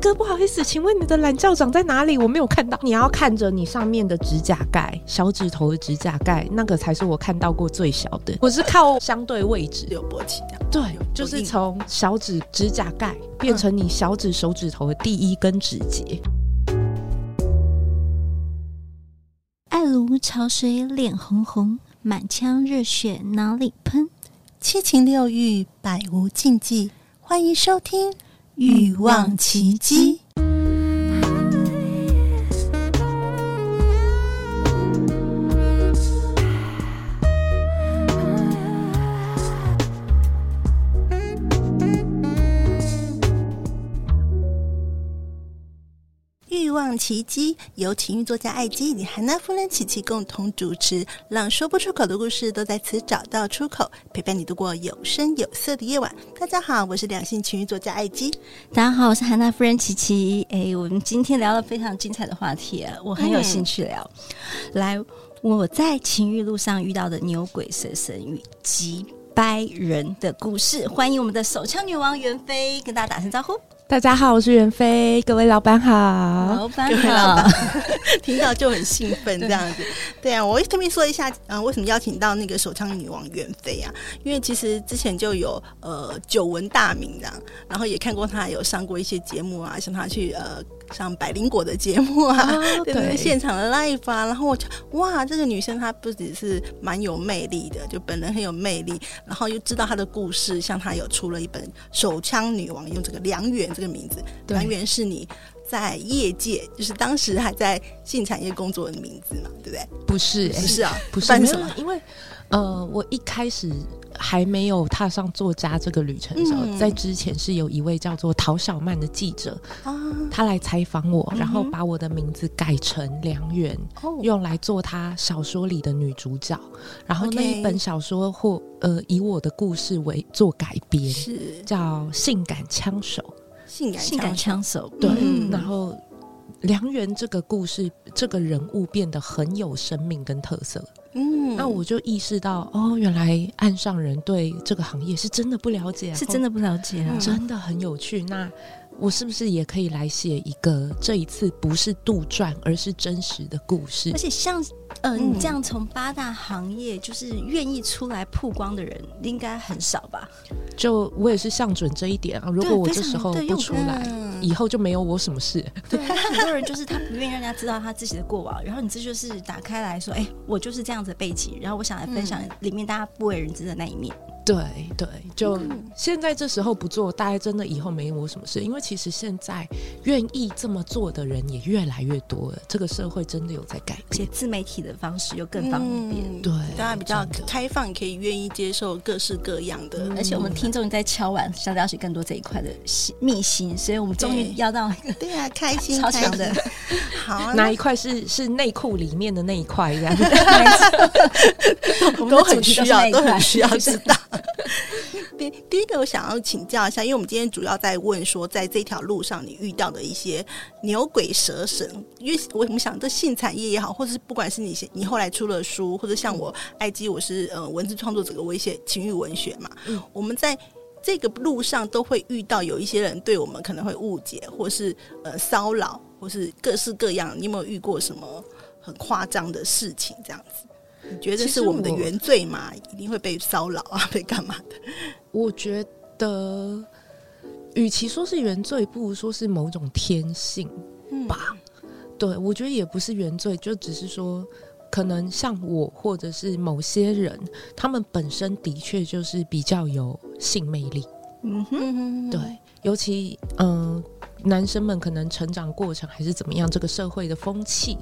哥，不好意思，請問你的懶叫長在哪裡？我沒有看到。你要看着你上面的指甲蓋，小指頭的指甲蓋，那個才是我看到過最小的。我是靠相對位置。有勃起的。對，就是從小指指甲蓋變成你小指手指頭的第一根指節。嗯、愛如潮水，臉紅紅，滿腔熱血哪裡噴？七情六慾，百無禁忌。歡迎收聽慾望琦姬。慾望琦姬，由情欲作家艾姬與涵娜夫人琦琦共同主持，讓說不出口的故事都在此找到出口，陪伴你度過有聲有色的夜晚。大家好，我是兩性情欲作家艾姬。大家好，我是涵娜夫人琦琦。誒、欸，我們今天聊了非常精彩的話題，啊，我很有興趣聊。嘿來，我在情欲路上遇到的牛鬼蛇神與擊敗人的故事，歡迎我們的手槍女王袁非跟大家打聲招呼。大家好，我是袁非，各位老板好，好各位老板， 聽到就很興奮這樣子， 對,對啊，我特別說一下，嗯、啊，為什麼邀請到那個手槍女王袁非啊？因為其實之前就有呃久聞大名這樣，然後也看過她有上過一些節目啊，想她去呃。像百靈果的節目啊，啊對、對、對現場的 live 啊，然後我就哇，這個女生她不只是蠻有魅力的，就本人很有魅力，然後又知道她的故事，像她有出了一本《手槍女王》，用這個梁遠這個名字，梁對遠是你在業界就是當時還在性產業工作的名字嘛，對不對？不是，欸、不是啊，不是 什麼，因為。呃，我一開始還沒有踏上作家這個旅程的時候，嗯、在之前是有一位叫做陶小曼的記者，啊、他來採訪我，嗯、哼然後把我的名字改成梁元，用來做他小說裡的女主角。哦、然後那一本小說或呃以我的故事為做改編，是叫《性感槍手》，性感槍手。手嗯、對，然後梁元這個故事，這個人物變得很有生命跟特色。嗯，那我就意識到哦，原來岸上人對這個行業是真的不了解啊，是真的不了解啊，哦，真的很有趣，嗯，那。我是不是也可以來寫一個這一次不是杜撰，而是真實的故事？而且像，呃，你這樣從八大行業就是願意出來曝光的人，應該很少吧？就我也是相準這一點啊。如果我這時候不出來，以後就沒有我什麼事。對，很多人就是他不願意讓人家知道他自己的過往， 然後你這就是打開來說，哎、欸，我就是這樣子的背景，然後我想來分享裡面大家不為人知的那一面。對對，就現在這時候不做，大概真的以後沒我什麼事。因為其實現在願意這麼做的人也越來越多了，這個社會真的有在改變。而且自媒體的方式又更方便，嗯、對，大家比較開放，可以願意接受各式各樣的。而且我們聽眾在敲碗想了解更多這一塊的秘辛，所以我們終於要到一個對，對啊，開心，超強的。好，哪一塊是是內褲裡面的那一塊？這樣， 都很需要，都很需要知道。第 第一個，我想要請教一下，因為我們今天主要在問說，在這條路上你遇到的一些牛鬼蛇神，因為我們想，這性產業也好，或者是不管是你你後來出了書，或者像我 IG，我是呃文字創作者，我寫情欲文學嘛，嗯、我們在這個路上都會遇到有一些人對我們可能會誤解，或是呃騷擾，或是各式各樣，你有沒有遇過什麼很誇張的事情？這樣子。你覺得是我們的原罪嗎？一定會被騷擾啊，被幹嘛的？我覺得，與其說是原罪，不如說是某種天性吧。嗯、對我覺得也不是原罪，就只是說，可能像我或者是某些人，他們本身的確就是比較有性魅力。嗯哼，mm hmm. 對，尤其嗯、呃，男生們可能成長過程還是怎麼樣，這個社會的風氣，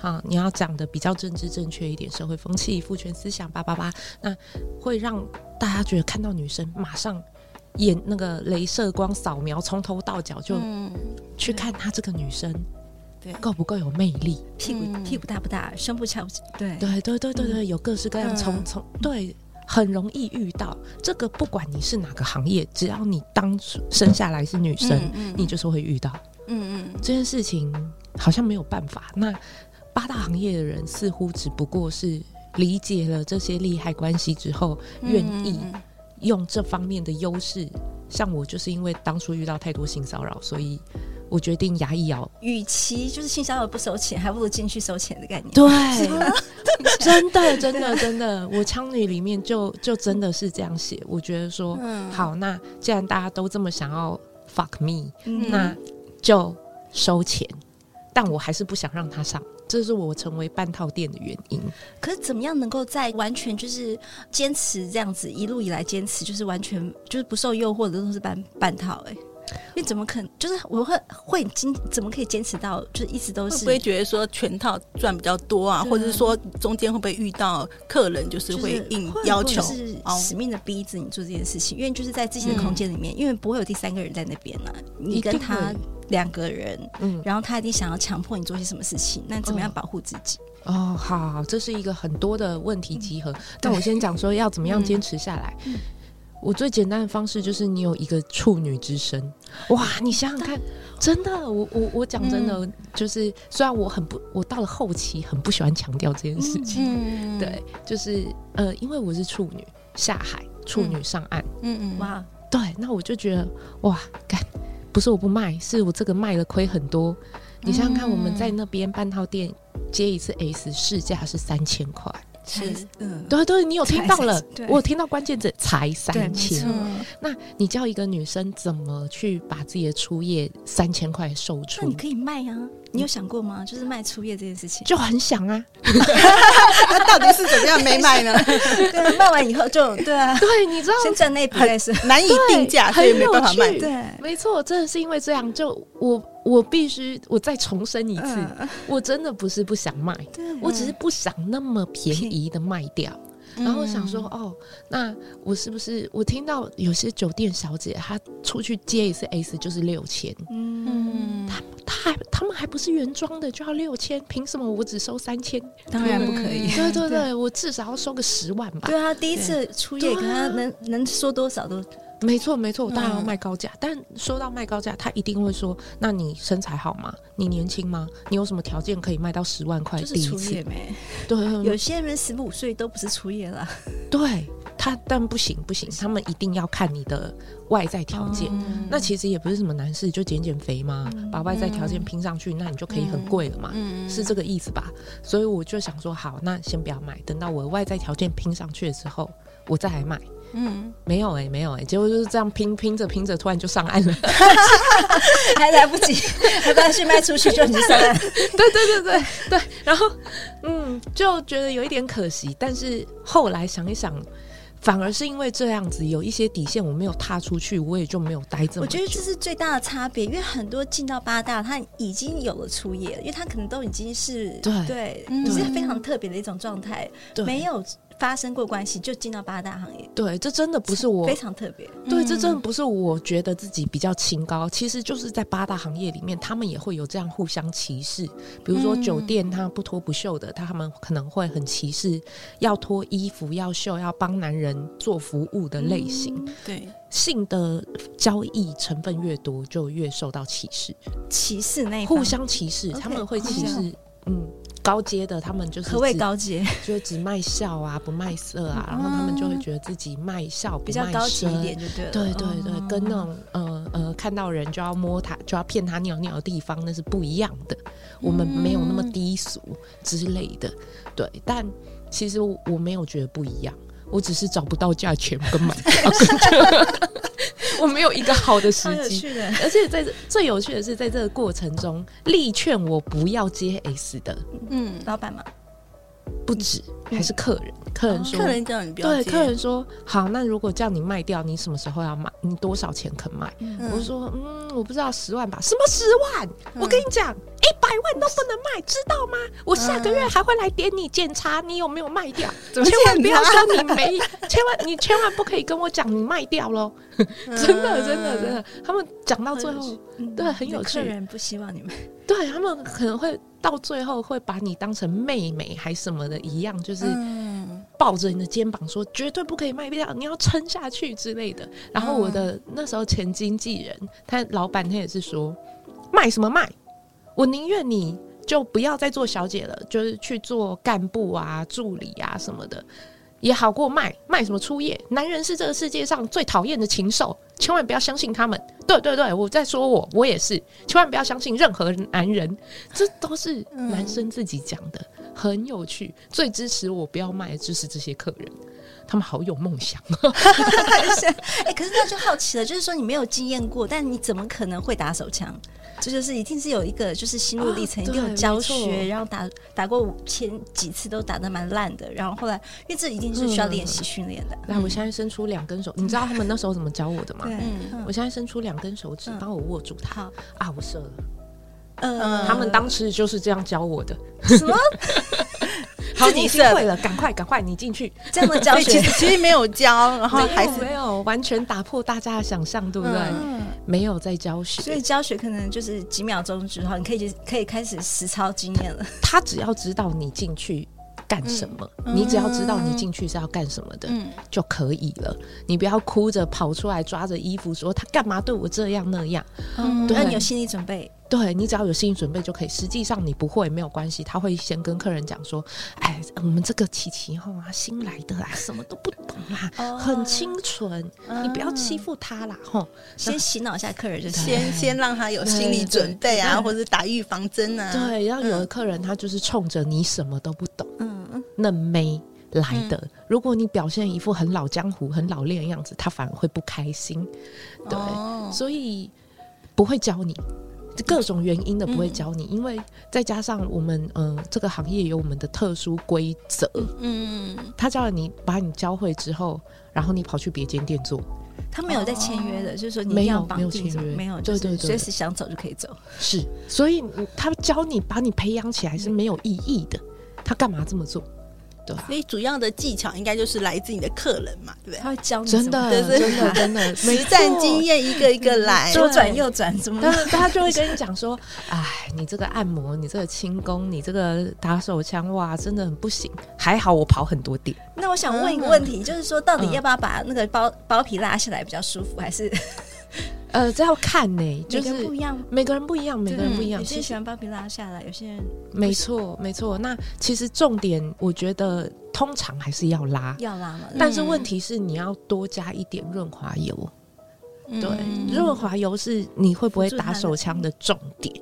啊，你要講的比較政治正確一點，社會風氣父權思想叭叭叭，那會讓大家覺得看到女生馬上眼那個雷射光掃描，從頭到腳就去看她這個女生，嗯、對，對夠不夠有魅力，屁股屁股大不大，胸部翹不翹，對對對對對對，有各式各樣，從從對。很容易遇到這個，不管你是哪個行業，只要你當初生下來是女生，嗯嗯，你就是會遇到。嗯嗯，這件事情好像沒有辦法。那八大行業的人似乎只不過是理解了這些利害關係之後，願意用這方面的優勢。像我就是因為當初遇到太多性騷擾，所以。我決定牙一咬，與其就是性騷擾不收錢，還不如進去收錢的概念。對嗎 真，真的真的真的， 我槍女裡面就就真的是這樣寫。我覺得說，嗯、好，那既然大家都這麼想要 fuck me，、嗯、那就收錢。但我還是不想讓他上，這是我成為半套店的原因。可是怎麼樣能夠在完全就是堅持這樣子一路以來堅持，就是完全就是不受誘惑的都是半半套、欸？哎。你怎麼可能？就是我會會經怎麼可以堅持到？就是一直都是會不會覺得說全套賺比較多啊？對或者是說中間會不會遇到客人就是會硬要求？是，會會是使命的逼着你做這件事情。哦、因為就是在自己的空間裡面，嗯、因為不會有第三個人在那邊呢、啊。你跟他兩個人，嗯，然後他一定想要強迫你做些什麼事情。嗯、那怎麼樣保護自己？哦，哦好，好，這是一個很多的問題集合。嗯、但我先講說要怎麼樣堅持下來。嗯嗯我最簡單的方式就是你有一個處女之身，哇！你想想看，但真的，我我我講真的，嗯、就是雖然我很不，我到了後期很不喜歡強調這件事情，嗯嗯、對，就是呃，因為我是處女，下海處女上岸，嗯嗯，哇、嗯，嗯、對，那我就覺得、嗯、哇，幹，不是我不賣，是我這個賣了虧很多。你想想看，我們在那邊半套店接一次 S 市價是三千塊。是，對對，你有聽到了？我有聽到關鍵字“才三千”。那你叫一個女生怎麼去把自己的初夜三千塊售出？那你可以賣呀，你有想過嗎？就是賣初夜這件事情，就很想啊。他到底是怎麼樣沒賣呢？對，賣完以後就對啊，對，你知道深圳那是難以定價，所以沒有辦法賣。對，沒錯，真的是因為這樣，就我。我必須，我再重申一次，呃、我真的不是不想賣，吧我只是不想那麼便宜的賣掉。嗯、然後想說，哦，那我是不是我聽到有些酒店小姐她出去接一次 A 四就是六千，嗯，她她還她們還不是原裝的就要六千，憑什麼我只收三千？當然不可以，對對對，我至少要收個十萬吧。對啊，第一次出業，對可她能能能收多少都，沒錯，沒錯，我當然要賣高價。嗯、但說到賣高價，他一定會說：“那你身材好嗎？你年輕嗎？你有什麼條件可以賣到十萬塊第一次？”是初夜嘛，對，有些人十五歲都不是初夜了。對他，但不行，不行，他們一定要看你的外在條件。嗯、那其實也不是什麼難事，就減減肥嘛，嗯、把外在條件拼上去，那你就可以很貴了嘛，嗯嗯、是這個意思吧？所以我就想說，好，那先不要賣，等到我的外在條件拼上去了之後，我再來賣。嗯’嗯沒、欸，沒有哎，沒有哎，結果就是這樣拼拼着拼着，突然就上岸了， 還來不及， 還剛去賣出去就已經上岸了， 對對對對對。然後，嗯，就覺得有一點可惜，但是後來想一想，反而是因為這樣子，有一些底線我沒有踏出去，我也就沒有待這麼久。我覺得這是最大的差別，因為很多進到八大，他已經有了初夜了，因為他可能都已經是對，就對、嗯、是非常特別的一種狀態，對對沒有。發生過關係就進到八大行業，對，這真的不是我非常特別。對，這真的不是我覺得自己比較清高，嗯、其實就是在八大行業裡面，他們也會有這樣互相歧視。比如說酒店，他不脫不秀的，嗯、他們可能會很歧視要脫衣服、要秀、要幫男人做服務的類型。嗯、對，性的交易成分越多，就越受到歧視。歧視那互相歧視，Okay 他們會歧視，Okay 嗯。高階的他們就是，何謂高階？就只賣笑啊，不賣色啊，嗯、然後他們就會覺得自己賣笑、嗯、賣深比較高級一點就對了，對對對，嗯、跟那種呃呃看到人就要摸他，就要騙他尿尿的地方，那是不一樣的，我們沒有那麼低俗之類的，嗯、對，但其實我，我沒有覺得不一樣。我只是找不到價錢跟買， 我沒有一個好的時機。而且在這最有趣的是，在這個過程中，力勸我不要接 S 的，嗯，老闆嗎？不止，還是客人，客人說，客人叫你不要對，客人說，好，那如果叫你賣掉，你什麼時候要賣？你多少錢肯賣？我說，嗯，我不知道，十萬吧。什麼十萬？我跟你講。百萬都不能賣，是知道嗎？我下個月還會來點你檢查，你有沒有賣掉？嗯、千萬不要說你沒，啊、千萬你千萬不可以跟我講你賣掉嘍！嗯、真的，真的，真的。他們講到最後，對，很有趣，客人不希望你們，對他們可能會到最後會把你當成妹妹還什麼的一樣，就是抱着你的肩膀說絕對不可以賣掉，你要撐下去之類的。然後我的那時候前經紀人，他老板他也是說賣什麼賣。我寧願你就不要再做小姐了，就是去做幹部啊、助理啊什麼的，也好過賣賣什麼初夜。男人是這個世界上最討厭的禽獸，千萬不要相信他們。對對對，我在說我，我也是，千萬不要相信任何男人，這都是男生自己講的，嗯、很有趣。最支持我不要賣的就是這些客人，他們好有夢想。哎、 欸，可是他就好奇了，就是說你沒有經驗過，但你怎麼可能會打手槍？這就是一定是有一個就是心路歷程，一定有教學，然後打打過前幾次都打得蠻爛的，然後後來因為這一定是需要練習訓練的。那我現在伸出兩根手，你知道他們那時候怎麼教我的嗎？對，我現在伸出兩根手指，幫我握住它啊，我射了。嗯，他們當時就是這樣教我的。什麼？好，你學會了，趕快趕快，你進去，這樣的教學其實其實沒有教，然後還是沒有完全打破大家的想象，對不對？沒有在教學，所以教學可能就是幾秒鐘之後，你可以就可以開始實操經驗了他。他只要知道你進去幹什麼，嗯、你只要知道你進去是要幹什麼的、嗯、就可以了。你不要哭着跑出來抓着衣服說他幹嘛對我這樣那樣，嗯對啊、你有心理準備。對，你只要有心理準備就可以。實際上你不會沒有關係，他會先跟客人講說：“哎，我們這個琦琦哈新來的啦，什麼都不懂啦，很清純，你不要欺負他啦。”哈，先洗腦一下客人，就先先讓他有心理準備啊，或者打預防針啊。對，然後有的客人他就是衝着你什麼都不懂，嗯，嫩妹來的。如果你表現一副很老江湖、很老練的樣子，他反而會不開心。對，所以不會教你。各種原因的不會教你，嗯嗯、因為再加上我們嗯、呃、這個行業有我們的特殊規則，嗯，他教了你把你教會之後，然後你跑去別間店做，他沒有在簽約的，哦、就是說你一定要沒有簽約，沒有對對對，隨、就是、隨時想走就可以走，對對對對，是，所以他教你把你培養起來是沒有意義的，對他幹嘛這麼做？你、啊、主要的技巧應該就是來自你的客人嘛，對不對？他會教你，真的，真的，真的 實戰經驗一個一個來，錯左轉右轉，怎麼？他 他就會跟你講說，哎，你這個按摩，你這個輕功，你這個打手槍，哇，真的很不行。還好我跑很多點。那我想問一個問題，嗯、就是說，到底要不要把那個包包皮拉下來比較舒服，還是？呃，這要看呢、欸，就是每，每個人不一樣，對每個人不一樣。有、嗯、是些人喜歡把皮拉下來，有些人不……沒錯，沒錯。那其實重點，我覺得通常還是要拉，要拉嘛。但是問題是，你要多加一點潤滑油。嗯、對，嗯、潤滑油是你會不會打手槍的重點。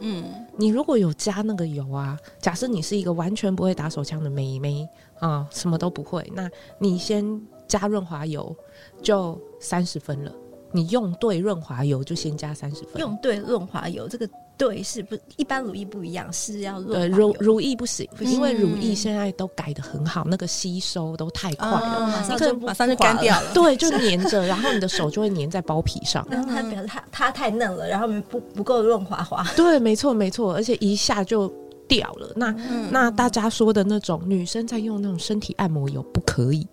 嗯，你如果有加那個油啊，假設你是一個完全不會打手槍的妹妹啊、嗯，什麼都不會，那你先加潤滑油，就三十分了。你用對潤滑油就先加三十分。用對潤滑油，這個“對”是不一般乳液，不一樣，是要潤。呃，乳乳液不行，不行，嗯、因為乳液現在都改得很好，那個吸收都太快了，嗯嗯、馬上就馬上就乾掉了，對，就粘着的然後你的手就會粘在包皮上。那的、嗯、表它它太嫩了，然後不不夠潤滑滑。對，沒錯沒錯，而且一下就掉了。那、嗯、那大家說的那種女生在用那種身體按摩油不可以。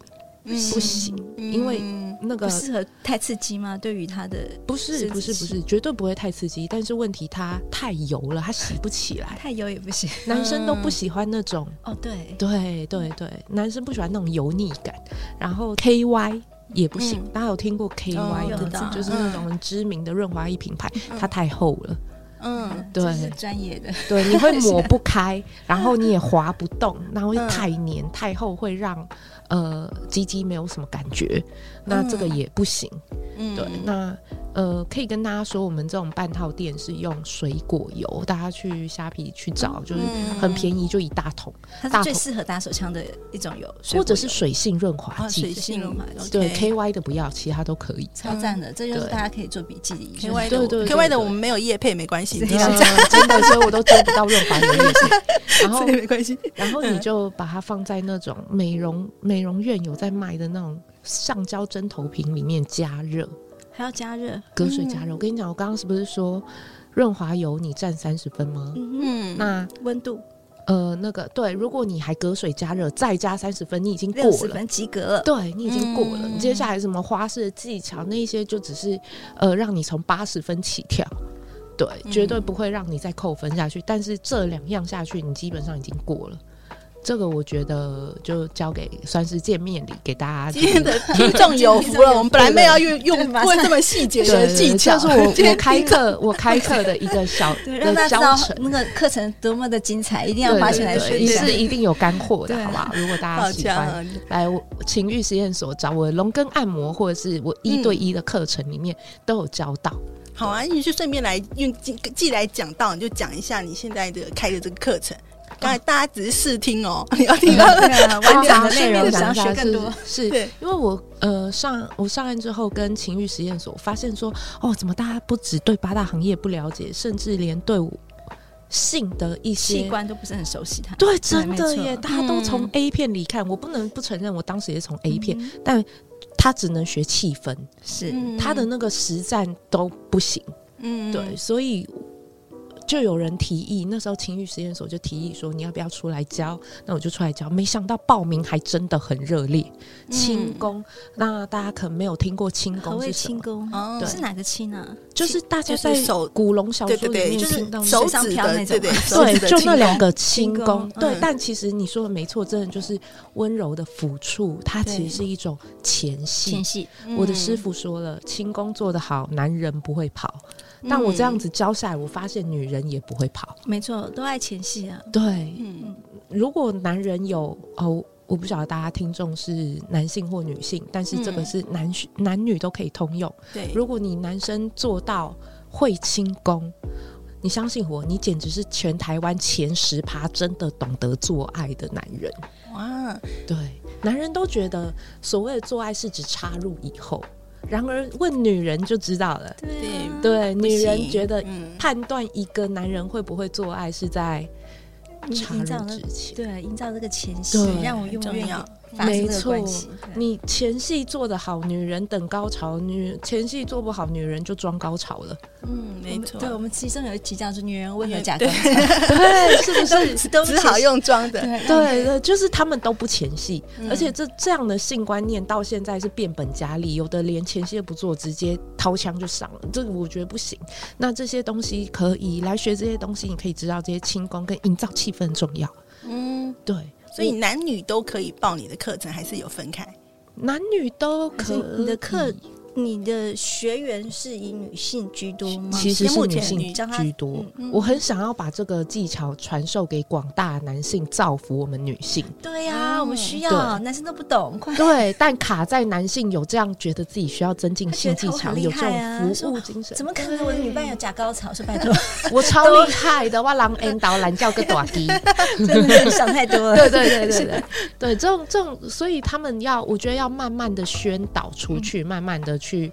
不行，因為那個不適合太刺激嗎？對於他的不是不是不是絕對不會太刺激，但是問題它太油了，它洗不起來，太油也不行。男生都不喜歡那種哦，對對對對，男生不喜歡那種油膩感。然後 KY 也不行，大家有聽過 KY 的，就是那種很知名的潤滑液品牌，它太厚了。嗯，對，很專業的，對，你會抹不開，然後你也滑不動，然後又太黏，太厚，會讓。呃，雞雞沒有什麼感覺，那這個也不行。對，那呃，可以跟大家說，我們這種半套店是用水果油，大家去蝦皮去找，就是很便宜，就一大桶。它是最適合打手槍的一種油，或者是水性潤滑劑。水性潤滑劑對，K Y 的不要，其他都可以。超讚的，這就是大家可以做筆記的。對對對，K Y 的我們沒有業配沒關係。你真的，真的，所以我都接不到潤滑的液。然後沒關係，然後你就把它放在那種美容。美容院有在賣的那種橡膠針頭瓶，裡面加熱，還要加熱隔水加熱。嗯、我跟你講，我剛剛是不是說潤滑油你佔三十分嗎？嗯哼，那溫度，呃，那個對，如果你還隔水加熱，再加三十分，你已經過了，六十分及格了。對，你已經過了。嗯、接下來什麼花式的技巧那一些，就只是呃，讓你從八十分起跳，對，絕對不會讓你再扣分下去。嗯、但是這兩樣下去，你基本上已經過了。這個我覺得就交給算是見面禮給大家，今天的聽眾有福了。我們本來沒有用用過這麼細節的技巧，就是我今天開課我開課的一個小，讓大家知道那個課程多麼的精彩，一定要發現來學習，是一定有乾貨的，好不好？如果大家喜歡來情欲實驗所找我龍根按摩，或者是我一對一的課程裡面都有教到。好啊，你就順便來用即即來講到，你就講一下你現在的開的這個課程。大家只是試聽哦，你要聽到的， 啊、我講的內容要的更多。是，是對因為我呃上我上岸之後，跟情欲實驗所發現說，哦，怎麼大家不只對八大行業不了解，甚至連對性的一些器官都不是很熟悉。啊，對，真的耶，大家都從 A 片裡看。嗯、我不能不承認，我當時也是從 A 片，嗯、但他只能學氣氛，是他的那個實戰都不行。嗯，對，所以。就有人提議，那時候情欲實驗所就提議說，你要不要出來教？那我就出來教，沒想到報名還真的很熱烈。輕功，那大家可能沒有聽過輕功是什麼？輕功，哦，是哪個輕呢？就是大家在古龍小說裡面聽到手上飄那種，對，就那兩個輕功。對，但其實你說的沒錯，真的就是溫柔的撫觸，它其實是一種前戲。前戲，我的師傅說了，輕功做得好，男人不會跑。但我這樣子教下來，嗯、我發現女人也不會跑。沒錯，都愛前戲啊。對，嗯、如果男人有哦，我不曉得大家聽眾是男性或女性，但是這個是男、嗯、男女都可以通用。對，如果你男生做到會輕功，你相信我，你簡直是全台灣前十趴真的懂得做愛的男人。哇，對，男人都覺得所謂的做愛是指插入以後。然而問女人就知道了，對、啊、對，女人覺得判斷一個男人會不會做愛是在插入之前、嗯、對營造這個前戲，讓我用。遠對要。沒錯錯，對你前戲做得好，女人等高潮女；女前戲做不好，女人就裝高潮了。嗯，沒錯。對我們其實有七講是女人溫柔假裝？對，是不是都是只好用裝的？對對，okay 對，就是他們都不前戲，嗯、而且這這樣的性觀念到現在是變本加厲，有的連前戲都不做，直接掏槍就上了。這個我覺得不行。那這些東西可以來學，這些東西你可以知道，這些輕功跟營造氣氛重要。嗯，對。所以男女都可以報你的課程，我 還是有分開？男女都可以。你的課。你的學員是以女性居多嗎？其實是女性居多，我很想要把這個技巧傳授給廣大男性，造福我們女性。對呀，我們需要，男生都不懂，快。對，但卡在男性有這樣覺得自己需要增進性技巧，有這種服務精神。怎麼可能？我的女伴有假高潮，說拜托，我超厲害的，我狼 n 導藍叫個短笛，真的，想太多了。對對對對對，對這種這種，所以他們要，我覺得要慢慢的宣導出去，慢慢的。去，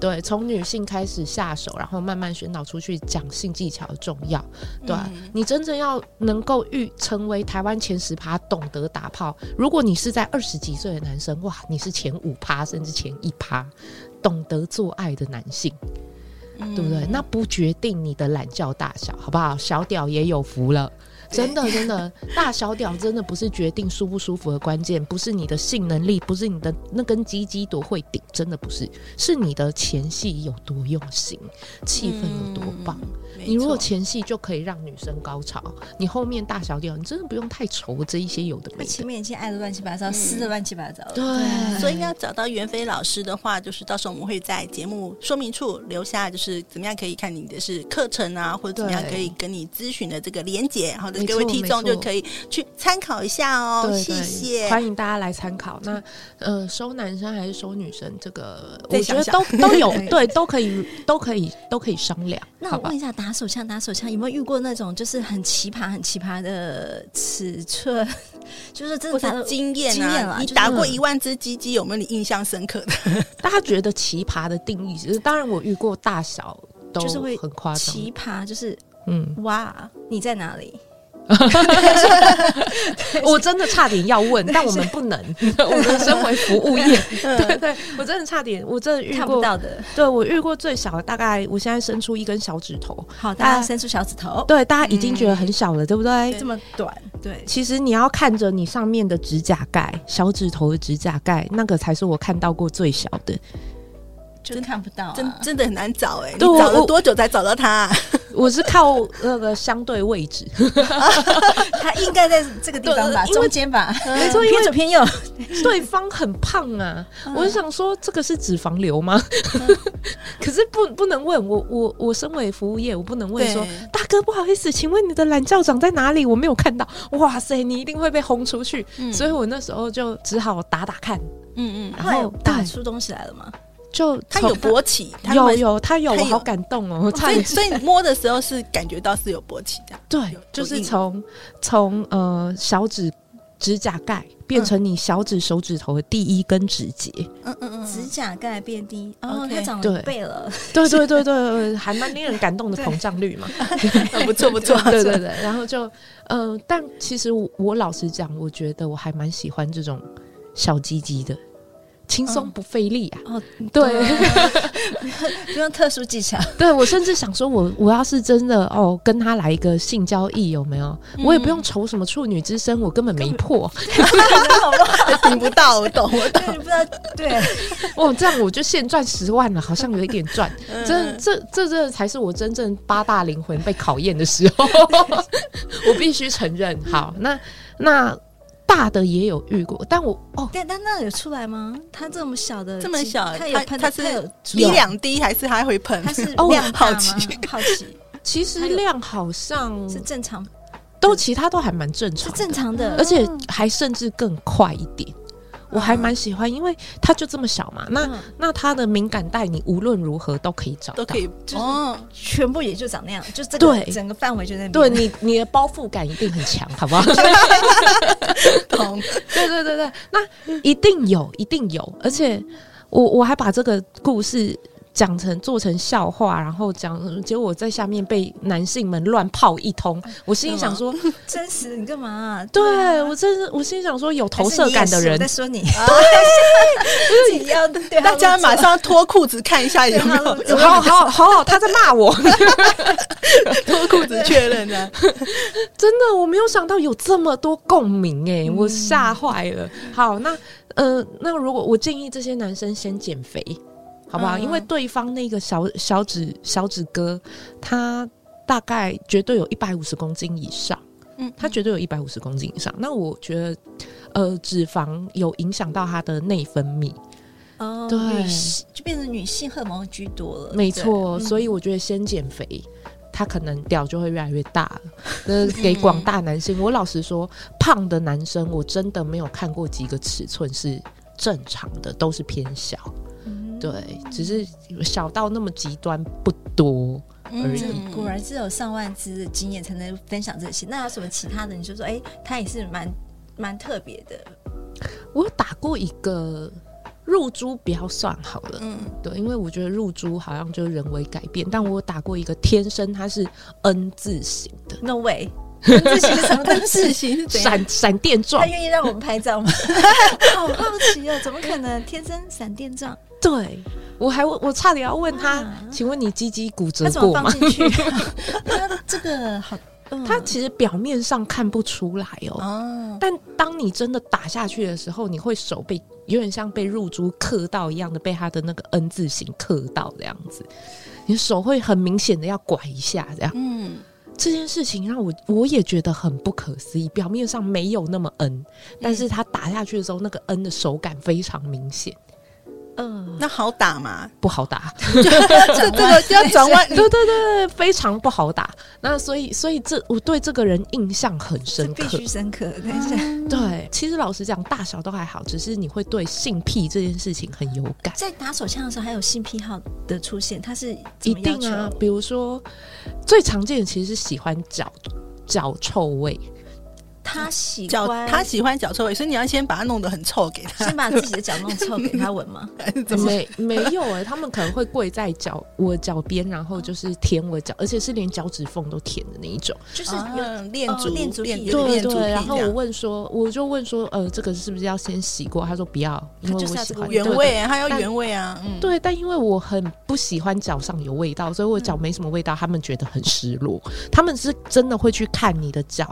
對，從女性開始下手，然後慢慢宣導出去，講性技巧的重要，對吧？啊。嗯。你真正要能夠欲成為台灣前十趴懂得打炮，如果你是在二十幾歲的男生，哇，你是前五趴甚至前一趴懂得做愛的男性，對不對？嗯。那不決定你的懶覺大小，好不好？小屌也有福了。 真的，真的，大小屌真的不是決定舒不舒服的關鍵，不是你的性能力，不是你的那根雞雞多會頂，真的不是，是你的前戲有多用心，氣氛有多棒。嗯、你如果前戲就可以讓女生高潮，你後面大小屌，你真的不用太愁這一些有的沒、啊。前面已經愛的亂七八糟，撕的亂七八糟。嗯、對，對，所以要找到袁非老師的話，就是到時候我們會在節目說明處留下，就是怎麼樣可以看你的是課程啊，或者怎麼樣可以跟你諮詢的這個連接，然後對。各位聽眾就可以去參考一下哦，謝謝，歡迎大家來參考。那呃，收男生還是收女生？這個我覺得都都有，對，都可以，都可以，都可以商量。那我問一下，打手槍，打手槍有沒有遇過那種就是很奇葩，很奇葩的尺寸？就是真的經驗啊！你打過一萬隻雞雞，有沒有你印象深刻的？大家覺得奇葩的定義是？當然，我遇過大小，都就是會很誇張，奇葩就是嗯，哇，你在哪裡？ 我真的差點要問，但我們不能，我們身為服務業。 對對，對，我真的差點，我真的遇不到的。對，我遇過最小的，大概我現在伸出一根小指頭。好，大家伸出小指頭。啊，對，大家已經覺得很小了，嗯、對不對？對，這麼短。對，其實你要看着你上面的指甲蓋，小指頭的指甲蓋，那個才是我看到過最小的。真看不到，真真的很難找哎！都找了多久才找到他？我是靠那個相對位置，他應該在這個地方吧？中間吧，沒錯，偏左偏右。對方很胖啊，我就想說這個是脂肪瘤嗎？可是不不能問，我我我身為服務業，我不能問說大哥不好意思，請問你的懶叫長在哪裡？我沒有看到。哇塞，你一定會被轟出去。所以我那時候就只好打打看。嗯嗯，然後打出東西來了嗎？就它有勃起，有有它有，我好感動哦！所以所以你摸的時候是感覺到是有勃起的，對，就是從從呃小指指甲蓋變成你小指手指頭的第一根指節，嗯嗯嗯，指甲蓋變低，然後它長了一倍了，對對對對，還蠻令人感動的膨脹率嘛，不錯不錯，對對對，然後就嗯，但其實我老實講，我覺得我還蠻喜歡這種小雞雞的。輕鬆不費力啊、嗯！哦、對、啊 不，不用特殊技巧。對，我甚至想說我，我我要是真的哦，跟他來一個性交易，有沒有？嗯、我也不用愁什麼處女之身，我根本沒破。聽不到， 好亂聽不到，我懂，我懂，你不知道。對、啊，我、 哦、這樣我就現賺十萬了，好像有一點賺。嗯、這這真的，這這這才是我真正八大靈魂被考驗的時候。 我必須承認，好，那、嗯、那。那大的也有遇過，但我哦，但但那有出來嗎？它這麼小的，這麼小，它，它有噴，它是滴兩滴還是還會噴？它是量大嗎？好奇、哦，好奇。哦、好奇，其實量好像是正常，都其他都還蠻正常，是正常的，而且還甚至更快一點。我還蠻喜歡，因為他就這麼小嘛，那那他的敏感帶，你無論如何都可以找到，都可以，哦，就是全部也就長那樣，就是、這個對整個範圍就在那，對，你你的包覆感一定很強，好不好？ 懂了對對對對，那一定有，一定有，而且我我還把這個故事。講成做成笑話，然後講，結果我在下面被男性們亂泡一通。唉我心裡想說：真實，你幹嘛、啊？對，、啊、對我真是，我心裡想說有投射感的人。我在說你， 對，是一樣的。大家馬上脫褲子看一下有沒有？有好，好，好，好，好，他在罵我。脫 褲 子確認呢。 真的，我沒有想到有這麼多共鳴哎，嗯、我嚇壞了。好，那呃，那如果我建議這些男生先減肥。好不好？嗯、因為對方那個小小子，小子哥，他大概絕對有一百五十公斤以上，嗯，他絕對有一百五十公斤以上。嗯、那我覺得，呃，脂肪有影響到他的內分泌，哦、嗯，對、嗯，就變成女性荷爾蒙居多了，沒錯。嗯、所以我覺得先減肥，他可能屌就會越來越大了。嗯、給廣大男性，我老實說，胖的男生我真的沒有看過幾個尺寸是正常的，都是偏小。對，只是小到那麼極端不多而已，嗯，果然是有上萬只的經驗才能分享這些。那有什麼其他的？你就說，哎、欸，他也是蠻蠻特別的。我打過一個入珠，不要算好了，嗯，對，因為我覺得入珠好像就是人為改變。但我打過一個天生，它是 N 字形的，No way，N 字形是什麼？N 字形閃閃電狀，他願意讓我們拍照嗎？好好奇哦，怎麼可能天生閃電狀？對，我還問我差點要問他，哇請問你雞雞骨折過嗎？他、啊啊 啊、這個好，嗯、他其實表面上看不出來哦。哦，但當你真的打下去的時候，你會手被有點像被入珠刻到一樣的，被他的那個 N 字形刻到這樣子，你手會很明顯的要拐一下這樣。嗯，這件事情讓我我也覺得很不可思議，表面上沒有那麼 N，但是他打下去的時候，那個 N 的手感非常明顯。嗯，呃、那好打嗎？不好打，這個 要轉彎， 對對對，非常不好打。那所以，所以這我對這個人印象很深刻，必須深刻。但是、嗯，對，其實老實講，大小都還好，只是你會對性癖這件事情很有感。在打手槍的時候，還有性癖好的出現，它是、啊、一定啊。比如說，最常見的其實是喜歡腳腳臭味。他喜歡他喜歡腳臭味，所以你要先把它弄得很臭，給他，先把自己的腳弄臭給他聞嗎？ 沒沒有哎，他們可能會跪在腳我腳邊，然後就是舔我腳，而且是連腳趾縫都舔的那一種，就是戀足戀足體，的體對對。然後我問說，我就問說，呃，這個是不是要先洗過？他說不要，因為我喜歡對對對原味，啊，他要原味啊。但嗯，對，但因為我很不喜歡腳上有味道，所以我腳沒什麼味道，他們覺得很失落。嗯、他們是真的會去看你的腳。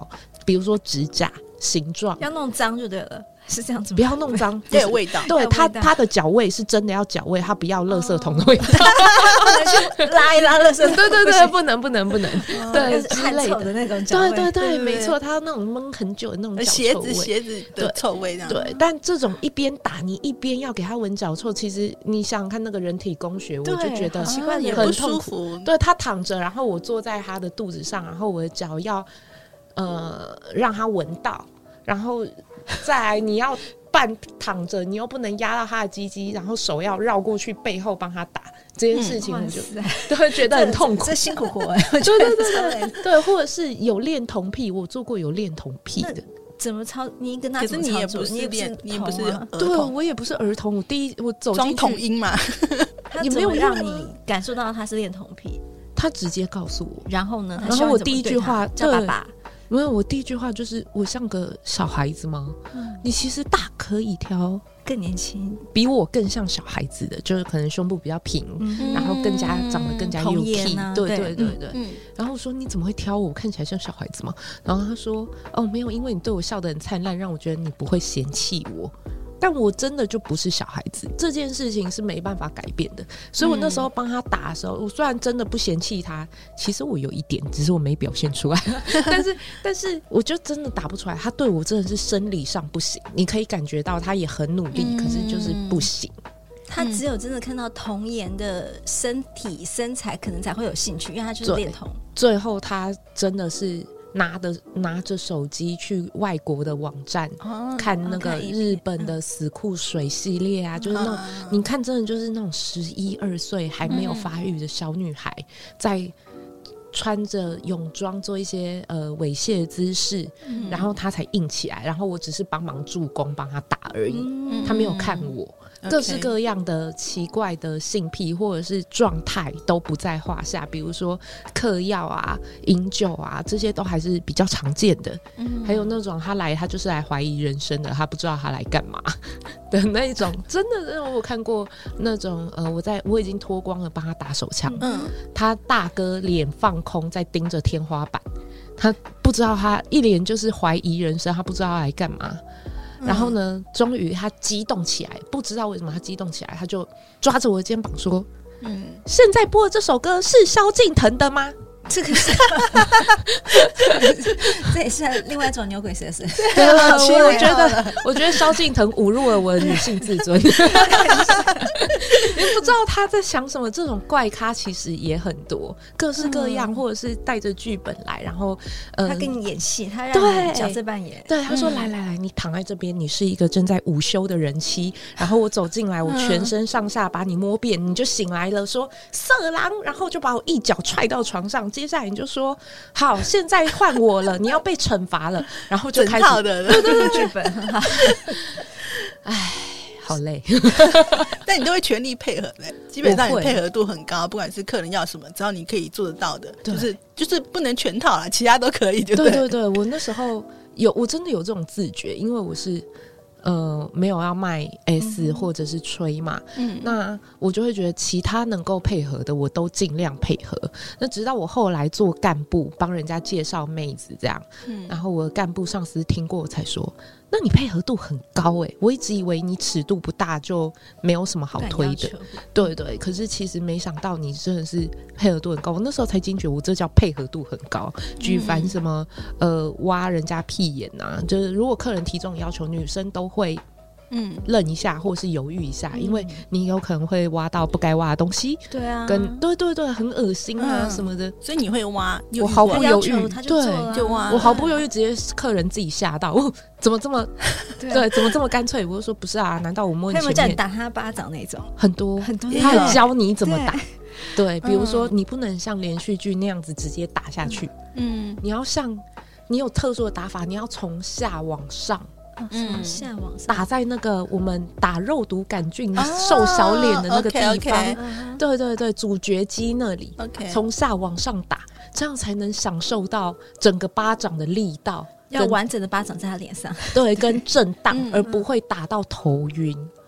比如說指甲形狀，要弄髒就對了，是這樣子。不要弄髒，有味道。對他，他的腳味是真的要腳味，他不要垃圾桶的味道。我去拉一拉垃圾桶。對對對，不能不能不能，對，太累的那種腳，對對對，沒錯，他那種悶很久那種腳臭味，鞋子鞋子的臭味這樣。對，但這種一邊打你一邊要給他聞腳臭，其實你想看那個人體工學，我就覺得很不舒服。對他躺着，然後我坐在他的肚子上，然後我的腳要。呃，讓他聞到，然後再你要半躺着，你又不能壓到他的雞雞，然後手要繞過去背後幫他打這件事情，就都會覺得很痛苦，這辛苦活哎，就對對對對，或者是有戀童癖，我做過有戀童癖的，怎麼操你跟他，可是你也不是你你不是，對，我也不是兒童，我第一我走進童音嘛，他怎麼讓你感受到他是戀童癖？他直接告訴我，然後呢？他說我第一句話叫爸爸。沒有，我第一句話就是我像個小孩子嗎？嗯、你其實大可以挑更年輕，比我更像小孩子的，就是可能胸部比較平，嗯、然後更加長得更加幼齒、啊。對，對對對對。嗯嗯、然後我說你怎麼會挑我，我看起來像小孩子嗎？然後他說哦沒有，因為你對我笑得很燦爛，讓我覺得你不會嫌棄我。但我真的就不是小孩子，這件事情是沒辦法改變的。所以我那時候幫他打的時候，嗯、我雖然真的不嫌棄他，其實我有一點，只是我沒表現出來。 但是，但是，我就真的打不出來。他對我真的是生理上不行，你可以感覺到他也很努力，嗯、可是就是不行。他只有真的看到童顏的身體身材，可能才會有興趣，因為他就是戀童最。最後，他真的是。拿的拿着手機去外國的網站、oh, 看那個日本的死庫水系列啊，oh, okay. 就是那、oh. 你看，真的就是那種十一二歲還沒有發育的小女孩、mm. 在穿着泳裝做一些呃猥褻姿勢，mm. 然後她才硬起來，然後我只是幫忙助攻幫她打而已，她、mm. 沒有看我。各式各樣的奇怪的性癖或者是狀態都不在話下，比如說嗑藥啊、飲酒啊，這些都還是比較常見的。嗯，還有那種他來，他就是來懷疑人生的，他不知道他來幹嘛的那一種，嗯，真的，真的那種我看過那種呃，我在我已經脫光了幫他打手槍，嗯，他大哥臉放空在盯着天花板，他不知道他一臉就是懷疑人生，他不知道他來幹嘛。然後呢，嗯，終於他激動起來，不知道為什麼他激動起來，他就抓着我的肩膀說：“嗯，現在播的這首歌是蕭敬騰的嗎？”這個是， 這也是另外一種牛鬼蛇神。對啊，我覺得，我，我覺得蕭敬騰侮辱了我的女性自尊。 不知道他在想什麼，這種怪咖其實也很多，各式各樣，嗯、或者是帶着劇本來，然後呃，他跟你演戲，他讓你角色扮演。對，對嗯、他說：“來來來，你躺在這邊，你是一個正在午休的人妻，然後我走進來，我全身上下把你摸遍，你就醒來了，說色狼，然後就把我一腳踹到床上。”接下來你就說好，現在換我了， 你要被懲罰了，然後就開始。全套的劇本。哎，好累。 但你都會全力配合的，基本上你配合度很高，不管是客人要什麼，只要你可以做得到的，對就是就是不能全套了，其他都可以就。就對對對，我那時候有，我真的有這種自覺，因為我是。呃，沒有要賣 S 或者是吹嘛，嗯嗯、那我就會覺得其他能夠配合的，我都盡量配合。那直到我後來做幹部，幫人家介紹妹子這樣，嗯、然後我的幹部上司聽過我才說。那你配合度很高誒、欸，我一直以為你尺度不大，就沒有什麼好推的，對對。可是其實沒想到你真的是配合度很高，我那時候才驚覺，我這叫配合度很高。舉凡什麼嗯嗯、呃、挖人家屁眼吶、啊，就是如果客人提這種要求，女生都會，嗯，愣一下或者是猶豫一下，因為你有可能會挖到不該挖的東西。對啊，跟對對對，很噁心啊什麼的。所以你會挖？我毫不猶豫，他就對，我毫不猶豫直接客人自己嚇到。怎麼這麼對？怎麼這麼乾脆？我就說不是啊，難道我摸前面？他們在打他巴掌那種很多很多，他教你怎麼打。對，比如說你不能像連續劇那樣子直接打下去。嗯，你要像你有特殊的打法，你要從下往上。嗯，從下往上打在那個我們打肉毒桿菌瘦小臉的那個地方，啊 okay, okay, uh huh. 對對對，咀嚼肌那裡。從 Okay. 下往上打，這樣才能享受到整個巴掌的力道，要完整的巴掌在他臉上，對，跟震盪，而不會打到頭暈。 嗯嗯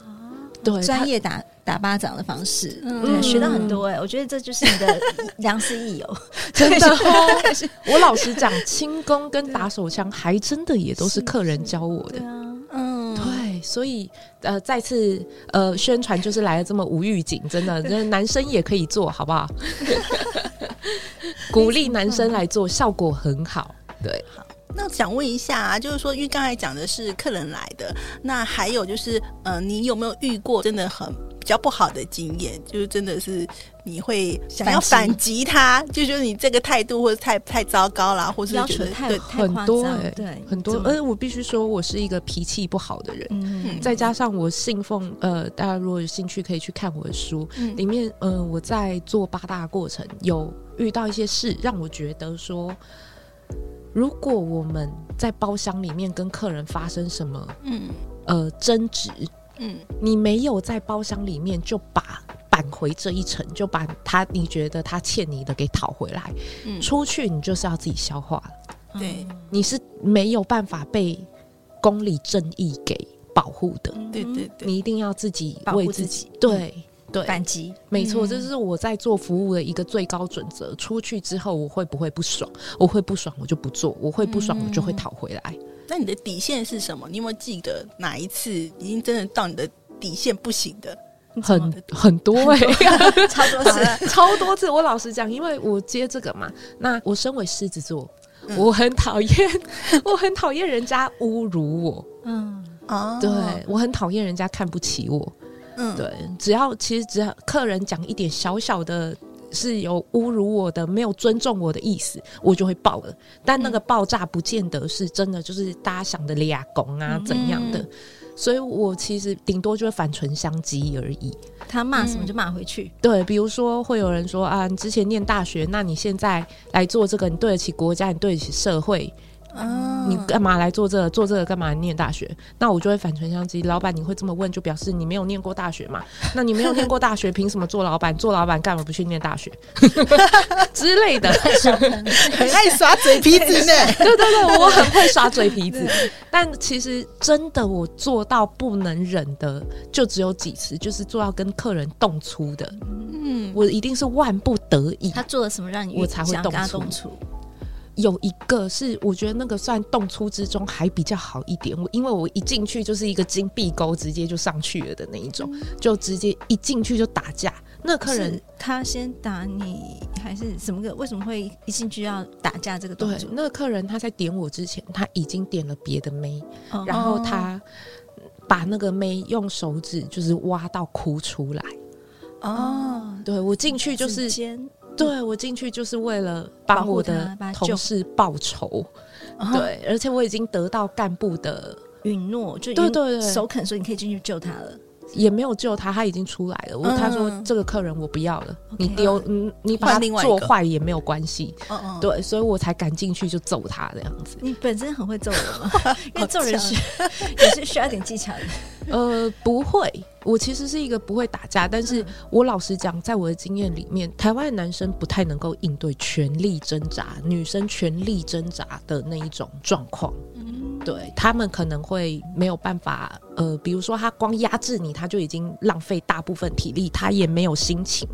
對，專業正打打巴掌的方式，嗯、學到很多哎、欸，我覺得這就是你的良師益友， 真的、哦。 我老實講輕功跟打手槍，還真的也都是客人教我的。啊、嗯，對，所以呃，再次呃，宣傳就是來的這麼無預警，真的，真的男生也可以做好不好？ 鼓勵男生來做，效果很好。對。好那想問一下，啊，就是說，因為剛才講的是客人來的，那還有就是，呃，你有沒有遇過真的很比較不好的經驗？就是真的是你會想要反擊他，就覺得你這個態度或者太太糟糕了，或是覺得要太對太誇張，對很多。就呃，我必須說我是一個脾氣不好的人，嗯、再加上我信奉，呃，大家如果有興趣可以去看我的書，嗯、裡面呃，我在做八大過程，有遇到一些事讓我覺得說。如果我們在包廂裡面跟客人發生什麼，嗯，呃，爭執，嗯，你沒有在包廂裡面就把扳回這一層，就把他，你覺得他欠你的給討回來，嗯、出去你就是要自己消化了，對、嗯，你是沒有辦法被公理正義給保護的，對對、嗯、你一定要自己為自己，保護自己對。嗯對，反擊，沒錯，這是我在做服務的一個最高準則。出去之後，我會不會不爽？我會不爽，我就不做；我會不爽，我就會討回來。那你的底線是什麼？你有沒有記得哪一次已經真的到你的底線不行的？很很多哎，超多次，超多次。我老實講，因為我接這個嘛，那我身為獅子座，我很討厭，我很討厭人家侮辱我，嗯哦，對，我很討厭人家看不起我。對，只要其實只要客人講一點小小的，是有侮辱我的，沒有尊重我的意思，我就會爆了。但那個爆炸不見得是真的，就是大家想的倆拱啊怎樣的。嗯、所以我其實頂多就會反唇相譏而已。他罵什麼就罵回去。嗯、對，比如說會有人說啊，你之前念大學，那你現在來做這個，你對得起國家，你對得起社會。哦、你幹嘛來做這個？做這個幹嘛？念大學？那我就會反唇相譏。老闆，你會這麼問，就表示你沒有念過大學嘛？那你沒有念過大學，憑什麼做老闆？做老闆幹嘛不去念大學？ 之類的，對對對，很愛耍嘴皮子呢。對對對，我很會耍嘴皮子。但其實真的，我做到不能忍的，就只有幾次，就是做到跟客人動粗的。嗯，我一定是萬不得已。他做了什麼讓你想要我才會動粗？有一個是我覺得那個算動粗之中還比較好一點，我因為我一進去就是一個金臂鈎直接就上去了的那一種，嗯、就直接一進去就打架。那客人他先打你還是什麼個？為什麼會一進去要打架？這個動作對？那客人他在點我之前他已經點了別的妹，哦、然後他把那個妹用手指就是挖到哭出來。哦，對我進去就是。先。對我進去就是為了幫我的同事報仇，對，而且我已經得到幹部的允諾，就已經對首肯說你可以進去救他了，也沒有救他，他已經出來了。我他說這個客人我不要了，你丟，你你把他做壞也沒有關係，對，所以我才敢進去就揍他這樣子。你本身很會揍人嗎？因為揍人是也是需要點技巧的。呃，不會。我其實是一個不會打架，但是我老實講，在我的經驗裡面，台灣的男生不太能夠應對全力掙扎、女生全力掙扎的那一種狀況。嗯哼。對，他們可能會沒有辦法，呃，比如說他光壓制你，他就已經浪費大部分體力，他也沒有心情。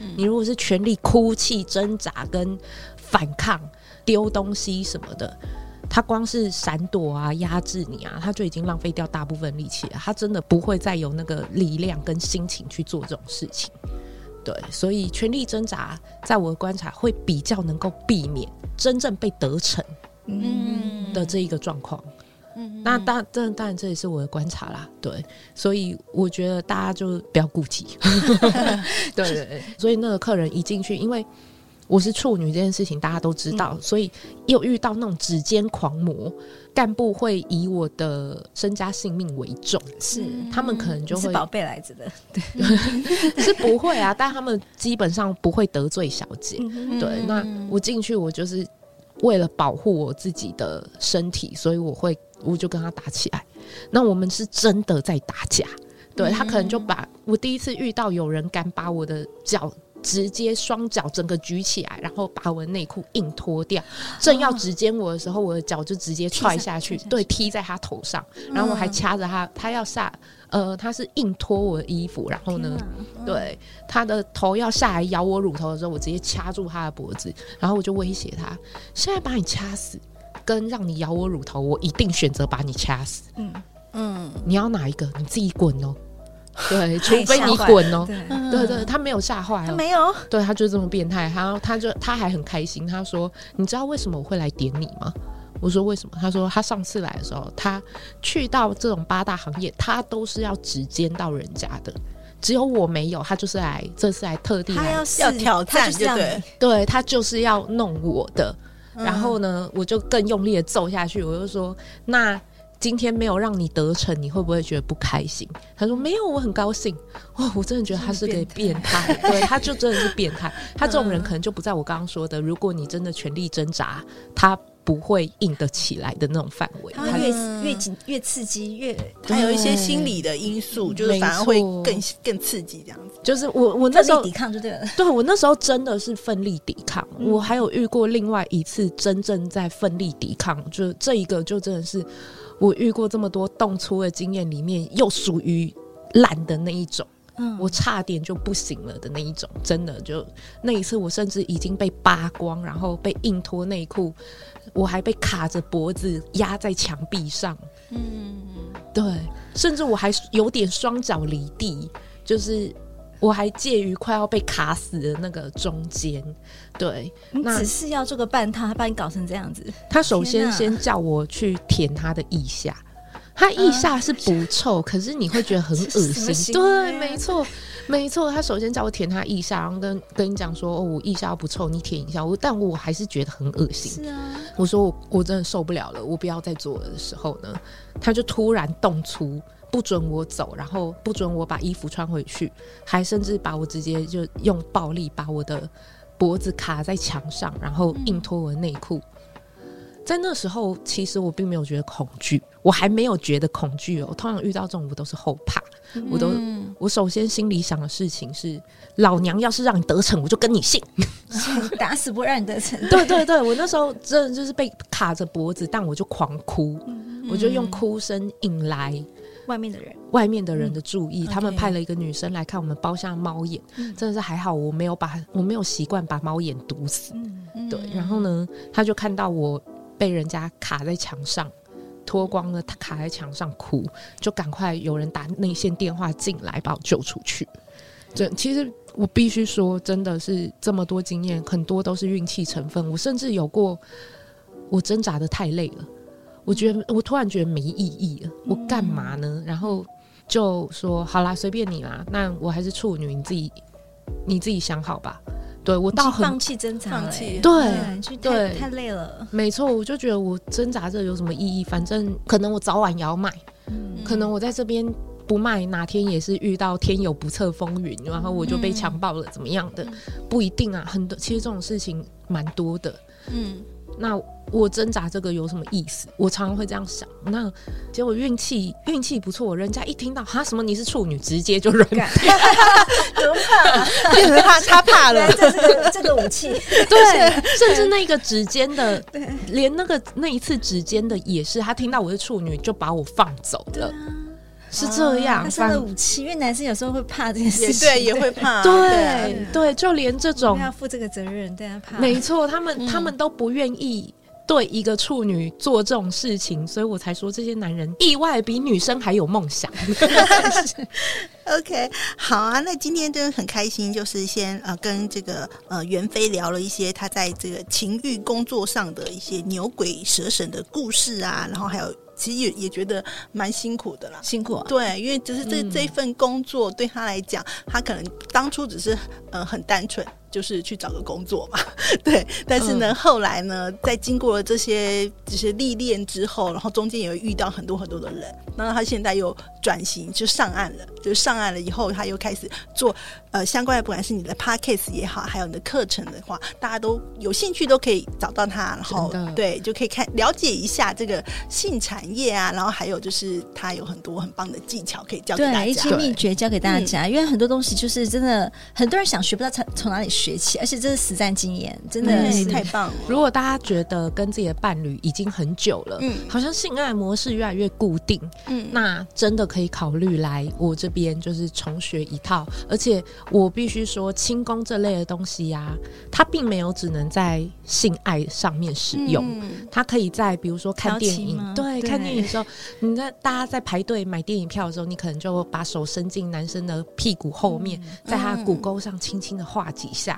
嗯。你如果是全力哭泣、掙扎跟反抗、丟東西什麼的。他光是閃躲啊，壓制你啊，他就已經浪費掉大部分力氣了。他真的不會再有那個力量跟心情去做這種事情，對。所以全力掙扎，在我的觀察，會比較能夠避免真正被得逞，嗯的這一個狀況。嗯，那當當然這也是我的觀察啦，對。所以我覺得大家就不要顧及。 對，對，對，對。所以那個客人一進去，因為。我是處女這件事情大家都知道，嗯、所以又遇到那種指尖狂魔幹部會以我的身家性命為重，是他們可能就會是寶貝來着的，對， 對 是不會啊，但他們基本上不會得罪小姐。嗯、對，那我進去我就是為了保護我自己的身體，所以我會我就跟他打起來。那我們是真的在打架，對、嗯、他可能就把我第一次遇到有人敢把我的腳。直接雙腳整個舉起來，然後把我的內褲硬脫掉，正要指姦我的時候，哦、我的腳就直接踹下去，下去對，踢在他頭上，然後我還掐着他，嗯、他要下，呃，他是硬脫我的衣服，然後呢，啊嗯、對，他的頭要下來咬我乳頭的時候，我直接掐住他的脖子，然後我就威脅他，現在把你掐死，跟讓你咬我乳頭，我一定選擇把你掐死，嗯嗯，嗯你要哪一個，你自己滾哦。對，除非你滾哦、喔！對對，對對，他沒有嚇壞、喔，他沒有，對，他就這麼變態。然後他就他還很開心。他說：“你知道為什麼我會來點你嗎？”我說：“為什麼？”他說：“他上次來的時候，他去到這種八大行業，他都是要指姦到人家的，只有我沒有。他就是來這次來特地來他要挑戰對，這樣。對他就是要弄我的。然後呢，嗯、我就更用力的揍下去。我就說那。”今天沒有讓你得逞，你會不會覺得不開心？他說沒有，我很高興。哇，我真的覺得他是個變態，這麼變態。對， 他就真的是變態。他這種人可能就不在我剛剛說的，如果你真的全力掙扎，他不會硬得起來的那種範圍。嗯、他是越越緊越刺激，越他有一些心理的因素，對就是反而會更更刺激。這樣子，就是我我那時候抵抗就對了。對，我那時候真的是奮力抵抗。嗯、我還有遇過另外一次真正在奮力抵抗，就這一個就真的是。我遇過這麼多動粗的經驗裡面，又屬於爛的那一種，嗯，我差點就不行了的那一種，真的就那一次，我甚至已經被扒光，然後被硬脫內褲，我還被卡着脖子壓在牆壁上，嗯，對，甚至我還有點雙腳離地，就是。我還介於快要被卡死的那個中間，對，你只是要做個半套，他把你搞成這樣子。他首先先叫我去舔他的腋下，啊、他腋下是不臭，呃、可是你會覺得很惡心。對，沒錯，沒錯。他首先叫我舔他腋下，然後跟跟你講說：“哦，我腋下不臭，你舔一下。”我，我但我還是覺得很惡心。是啊，我說我我真的受不了了，我不要再做了的時候呢，他就突然動粗。不准我走，然後不准我把衣服穿回去，還甚至把我直接就用暴力把我的脖子卡在牆上，然後硬脫我的內褲。嗯、在那時候，其實我並沒有覺得恐懼，我還沒有覺得恐懼哦。我通常遇到這種，我都是後怕，嗯、我都我首先心裡想的事情是：老娘要是讓你得逞，我就跟你姓，打死不讓你得逞。 對對對，我那時候真的就是被卡着脖子，但我就狂哭，嗯、我就用哭聲引來。外面的人，外面的人的注意，嗯、okay, 他們派了一個女生來看我們包廂，貓眼，嗯、真的是還好我沒有把我沒有習慣把貓眼堵死，嗯、對，然後呢，他就看到我被人家卡在牆上，脫光了，他、嗯、卡在牆上哭，就趕快有人打內線電話進來把我救出去。這其實我必須說，真的是這麼多經驗，很多都是運氣成分。我甚至有過，我掙扎得太累了。我覺得我突然覺得沒意義了，我幹嘛呢？嗯、然後就說好啦，隨便你啦。那我還是處女，你自己你自己想好吧。對，我倒很放棄掙扎了，欸，放棄，對，對太對太累了。沒錯，我就覺得我掙扎着有什麼意義？反正可能我早晚也要賣，嗯、可能我在這邊不賣，哪天也是遇到天有不測風雲，然後我就被強暴了，嗯、怎麼樣的？嗯、不一定啊，很多其實這種事情蠻多的，嗯。那我掙扎這個有什麼意思？我常常會這樣想。那結果運氣運氣不錯，我人家一聽到啊，什麼你是處女，直接就忍了。不 怕，他 怕了。對對這是、個、這個武器。對，對甚至那個指尖的，對連那個那一次指尖的也是，他聽到我是處女，就把我放走了。是這樣，防、哦、武器，因為男生有時候會怕這些事情，對，對，也會怕，對對，就連這種要負這個責任，對，怕，沒錯，他們、嗯、他們都不願意對一個處女做這種事情，所以我才說這些男人意外比女生還有夢想。 OK，好啊，那今天真的很開心，就是先呃跟這個呃袁非聊了一些他在這個情慾工作上的一些牛鬼蛇神的故事啊，然後還有。其實也也覺得蠻辛苦的啦，辛苦、啊。對，因為只是這、嗯、這份工作對他來講，他可能當初只是呃很單純。就是去找個工作嘛，對。但是呢，嗯。後來呢，在經過了這些這些歷練之後，然後中間也會遇到很多很多的人。那他現在又轉型，就上岸了。就上岸了以後，他又開始做呃相關的，不管是你的 podcast 也好，還有你的課程的話，大家都有興趣都可以找到他。然後的對，就可以看了解一下這個性產業啊。然後還有就是他有很多很棒的技巧可以教給大家，對一些秘訣教給大家。對因為，因為很多東西就是真的，很多人想學，不知道從從哪裡學。學起，而且這是實戰經驗，真的是太棒了。對對對。如果大家覺得跟自己的伴侶已經很久了，嗯，好像性愛模式越來越固定，嗯，那真的可以考慮來我這邊，就是重學一套。而且我必須說，輕功這類的東西呀、啊，它並沒有只能在性愛上面使用，嗯、它可以在比如說看電影，對，對看電影的時候，你在大家在排隊買電影票的時候，你可能就會把手伸進男生的屁股後面，嗯、在他的骨溝上輕輕的畫幾下。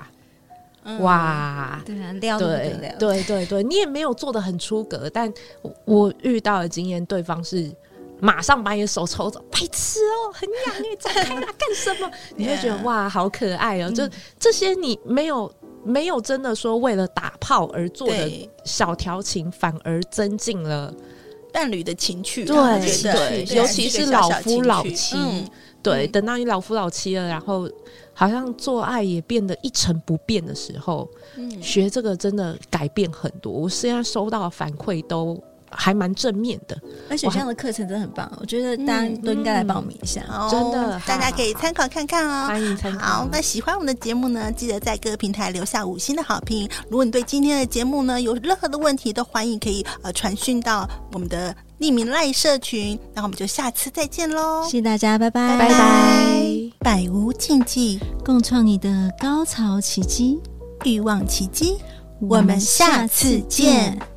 哇，對，對，對，你也沒有做得很出格，但我遇到的經驗，對方是馬上把你的手抽走，白痴哦，很癢，你展開它幹什麼？你會覺得哇，好可愛哦，就這些，你沒有沒有真的說為了打炮而做的小調情，反而增進了伴侶的情趣，對對，尤其是老夫老妻，對，等到你老夫老妻了，然後。好像做愛也變得一成不變的時候，嗯、學這個真的改變很多。我雖然收到反饋都還蠻正面的，而且這樣的課程真的很棒。我很，我覺得大家都應該來報名一下，嗯嗯、真的好好好，大家可以參考看看哦、喔。歡迎參考。好，那喜歡我們的節目呢，記得在各個平台留下五星的好評。如果你對今天的節目呢，有任何的問題，都歡迎可以呃傳訊到我們的。匿名 LINE 社群，那我們就下次再見嘍！謝謝大家，拜拜，拜拜 bye，百無禁忌，共創你的高潮奇蹟、慾望奇蹟，我們下次見。